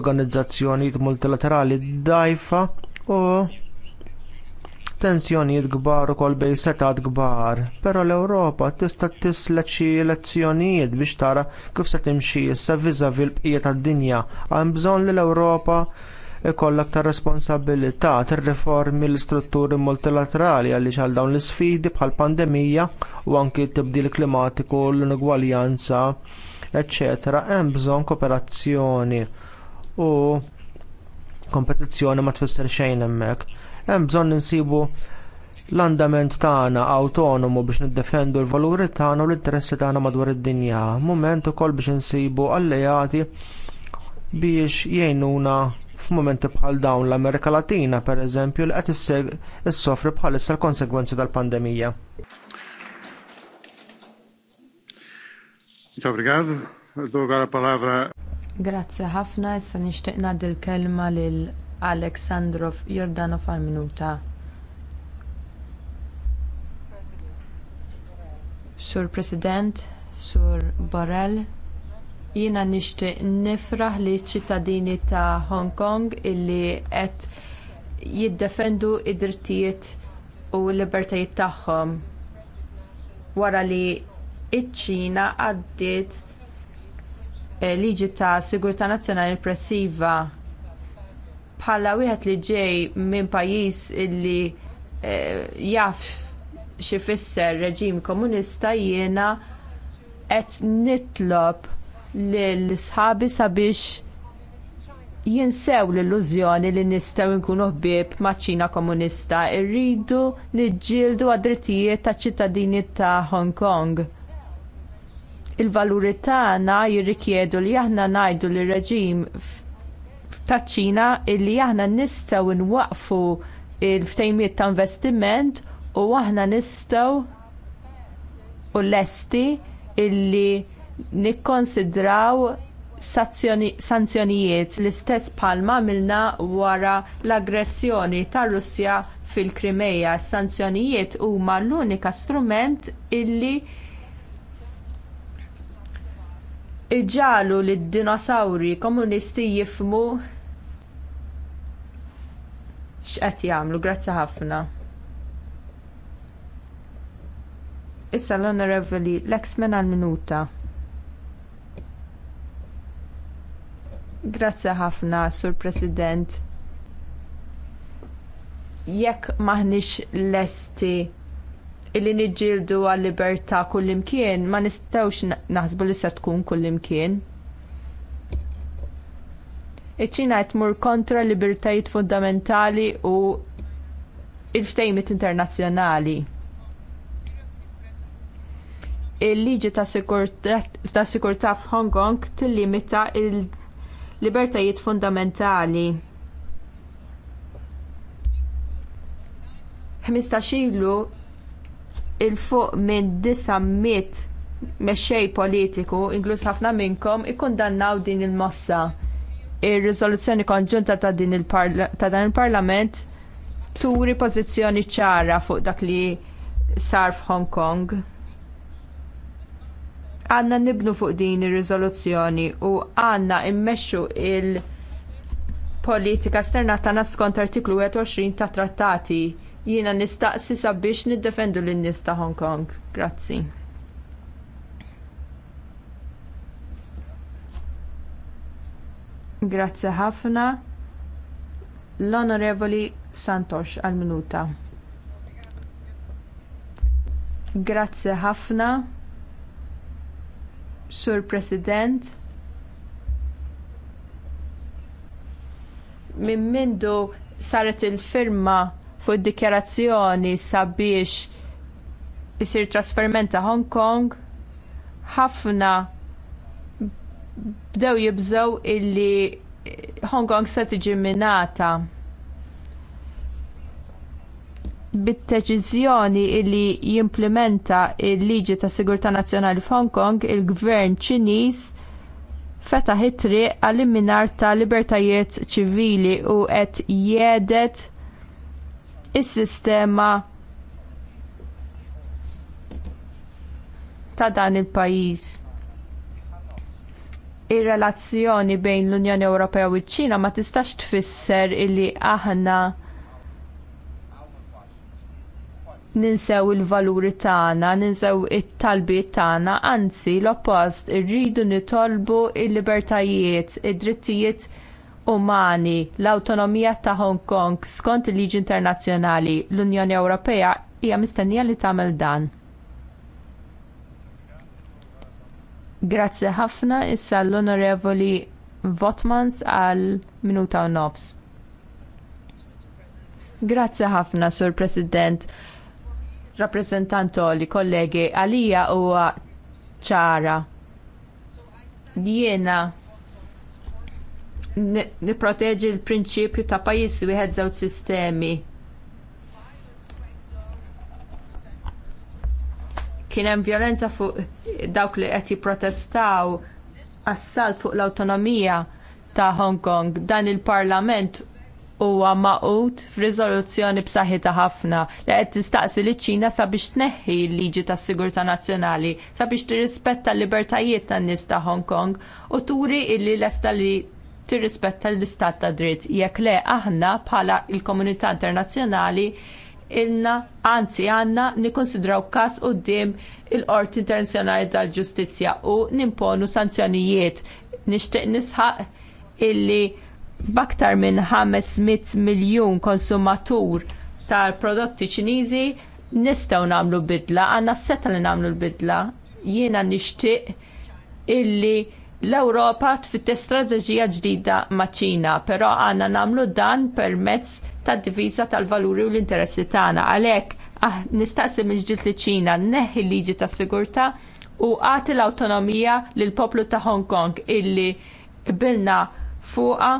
organizzazzjonijiet multilaterali d-dajfa u tensjonijiet kbar ukoll bejn setat kbar, però l-Ewropa tista' tislet xi elezzjonijiet biex tara kif se timxi issa viżavi l-bqija tad-dinja. Hemm bżonn li l-Ewropa ikollha aktar responsabilità tir-riformi l-istrutturi multilaterali għaliex għal dawn l-isfidi bħal pandemija u anki t-tibdil klimatiku l-inugwaljanza, eċċetera, hemm bżonn kooperazzjoni u kompetizzjoni ma tfisser xejn hemmhekk hemm bżonn insibu l-andament tagħna awtonomu biex niddefendu l-valuri tagħna u l-interessi tagħna madwar id-dinja. Mument ukoll biex insibu alleati biex jgħinuna f'mumenti bħal dawn l-Amerika Latina pereżempju li qed issofri bħalissa l-konsegwenzi tal-pandemija. Grazie ħafna, issa nixtieq ngħaddi l-kelma lil Aleksandrov Jordanov għal minuta. Sur President, Sur Borrell, jiena nixtieq nifraħ li ċittadini ta' Hong Kong illi qed jiddefendu id-drittijiet u l-libertajiet tagħhom wara li iċ-Ċina għaddiet eh, liġi ta' sigurtà nazzjonali repressiva bħala wieħed li ġej minn pajjiż illi eh, jaf xi fisser reġim komunista jiena qed nitlob lil sħabi sabiex jinsew l-illużjoni li nistgħu nkunu ħbieb maċ-Ċina komunista rridu niġġieldu għad-drittijiet taċ ċittadini ta' Hong Kong. Il-valuri tagħna jirrikjedu li aħna ngħidu lir reġim taċ ċina illi aħna nistgħu nwaqfu l ftejmiet ta' investiment u aħna nistgħu u lesti illi nikkonsidraw sanzjonijiet l-istess bħalma għamilna wara l-aggressjoni tar Russja fil-Krimeja. Sanzjonijiet huma l-unika strument illi iġalu lid dinosawri komunisti jifhmu x'qed jagħmlu. Grazzi ħafna. Issa l-Onorevoli Lexman għal minuta. Grazzi ħafna, Sur President. Jekk maħniex lesti illi nġildu għal libertà kullimkien, ma nistgħux naħsbu li se tkun kullimkien iċ-Ċina qed tmur kontra libertajiet fundamentali u il-ftejmit internazzjonali. Il-liġi ta' tas-sigurtà f'Hong Kong tillimita l libertajiet fundamentali. 15 ilu il-fuq minn 900 mexxej politiku, inkluż ħafna minnkom, ikkundannaw din il-mossa ir-riżoluzzjoni konġunta ta' din dan il-Parlament turi pożizzjoni ċara fuq dak li sar f'Hong Kong. Għanna nibnu fuq din ir-riżoluzzjoni u għanna immexxu il-politika esterna tagħna skont artiklu 21 ta' trattati jiena nistaqsi sabiex niddefendu lin-nies ta' Hong Kong. Grazzi. Grazzi ħafna. L-Onorevoli Santos għal minuta. Grazzi ħafna. Sur President. Minn mindu saret il-firma fuq id dikjarazzjoni sabiex isir trasferiment ta' Hong Kong, ħafna bdew jibżgħu illi Hong Kong se tiġi minata bit-deċiżjoni li jimplementa l liġi ta' Sigurtà Nazzjonali f'Hong Kong, il-Gvern Ċiniż fetaħ it-triq għall-imminar ta' libertajiet ċivili u qed jedet is-sistema ta' dan il-pajjiż ir-relazzjoni bejn l-Unjoni Ewropea u ċ-Ċina ma tistax tfisser illi aħna ninsew il-valuri tagħna, ninsew it-talbiet tagħna, anzi l-oppost irridu nitolbu l libertajiet id-drittijiet umani, l-awtonomija ta' Hong Kong skont il-liġi internazzjonali, l-Unjoni Ewropea hija mistennija li tagħmel dan. Grazzi ħafna issa l-Onorevoli Votmans għal minuta u nofs. Grazzi ħafna, Sur President, rappresentantoli, kollegi, għalija huwa ċara. Jiena niproteġi l-prinċipju ta' pajjiż wieħed żewġ sistemi kien hemm violenza fuq dawk li qed jipprotestaw assalt fuq l-awtonomija ta' Hong Kong. Dan il-Parlament huwa maqut f'riżoluzzjoni b'saħħitha ħafna li qed tistaqsi liċ ċina sabiex tneħħi l-liġi tas-sigurtà nazzjonali sabiex tirrispetta l-libertajiet tan-nies ta' Hong Kong u turi illi lesta li tirrispetta l-istat ta' dritt jekk le aħna bħala l komunità internazzjonali ilna, anzi għandna nikkonsidraw każ quddiem il-Qorti Internazzjonali tal-Ġustizzja u nimponu sanzjonijiet. Nixtieq nisħaq illi baktar minn 500 miljun konsumatur tal-prodotti ċiniżi nistgħu nagħmlu bidla, għandna s-seta li nagħmlu l-bidla. Jiena nixtieq illi L-Ewropa tfittex strateġija ġdida maċ-Ċina, però għandna nagħmlu dan permezz tad-diviża tal-valuri u l-interessi tagħna. Għalhekk ah, nistaqsi mill-ġdid li ċina neħi liġi tas-sigurtà u għati l-awtonomija lill poplu ta' Hong Kong illi bilna fuqa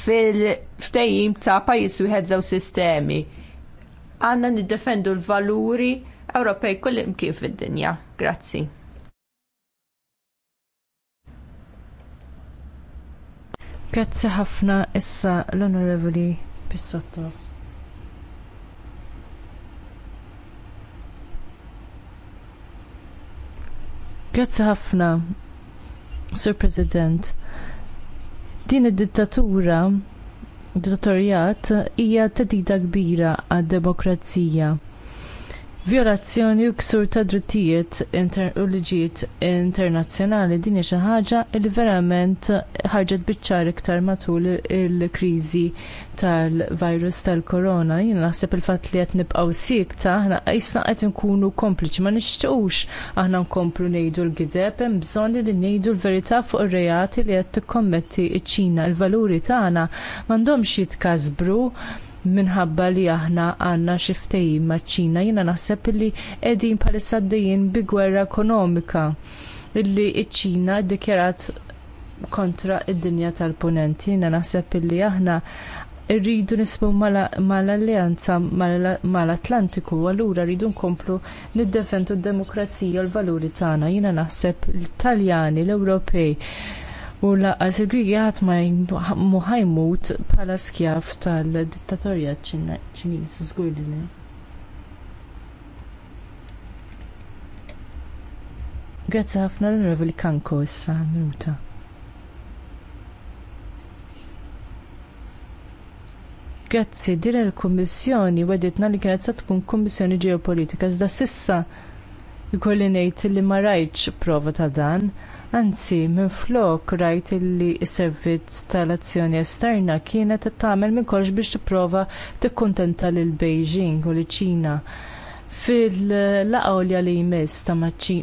fil-ftejjim ta' pajjiż wieħed żew sistemi. Għandna niddefendu l-valuri Ewropej kull imkien fid-dinja. Grazzi. Grazzi ħafna issa l-Onorevoli Pissotto. Grazzi ħafna, Sur President. Din id-dittatura, dittatorjat, hija tedida kbira għad-demokrazija violazzjoni u ksur ta' drittijiet u liġijiet internazzjonali din hija xi ħaġa li verament ħarġet biċ-ċar iktar matul il-kriżi tal-virus tal-korona. Jien naħseb il-fatt li qed nibqgħu sikta aħna issa qed inkunu kompliċi ma nixtiequx aħna nkomplu ngħidu l-gideb hemm bżonn li ngħidu l-verità fuq ir-reati li qed tikkommetti ċ-Ċina. Il-valuri tagħna m'għandhomx jitkasbru minħabba li aħna għandna xi ftehim maċ-Ċina. Jiena naħseb li qegħdin bħalissa għaddejjin bi gwerra ekonomika illi ċ-Ċina ddikjarat kontra id-dinja tal-punenti. Jiena naħseb illi aħna rridu nismu mal-alleanza mal-Atlantiku, allura rridu nkomplu niddefendu d-demokrazija u l-valuri tagħna. Jiena naħseb l-Taljani, l-Ewropej, u laqas il-Grigi għat ma ħajmut bħala skjaf tal-dittatorja ċiniż żgur li le. Grazzi ħafna l revoli Kanko issa minuta. Grazzi, din il-Kummissjoni wedditna li kienet se tkun Kummissjoni Ġeopolitika, iżda sissa jkolli ngħid li ma rajtx prova ta' dan. Anzi, minflok rajt illi s-servizz tal-azzjoni esterna kienet tagħmel minn kollox biex tipprova tikkuntenta lil Beijing u liċ ċina. Fil-laqgħa li jmiss ta' li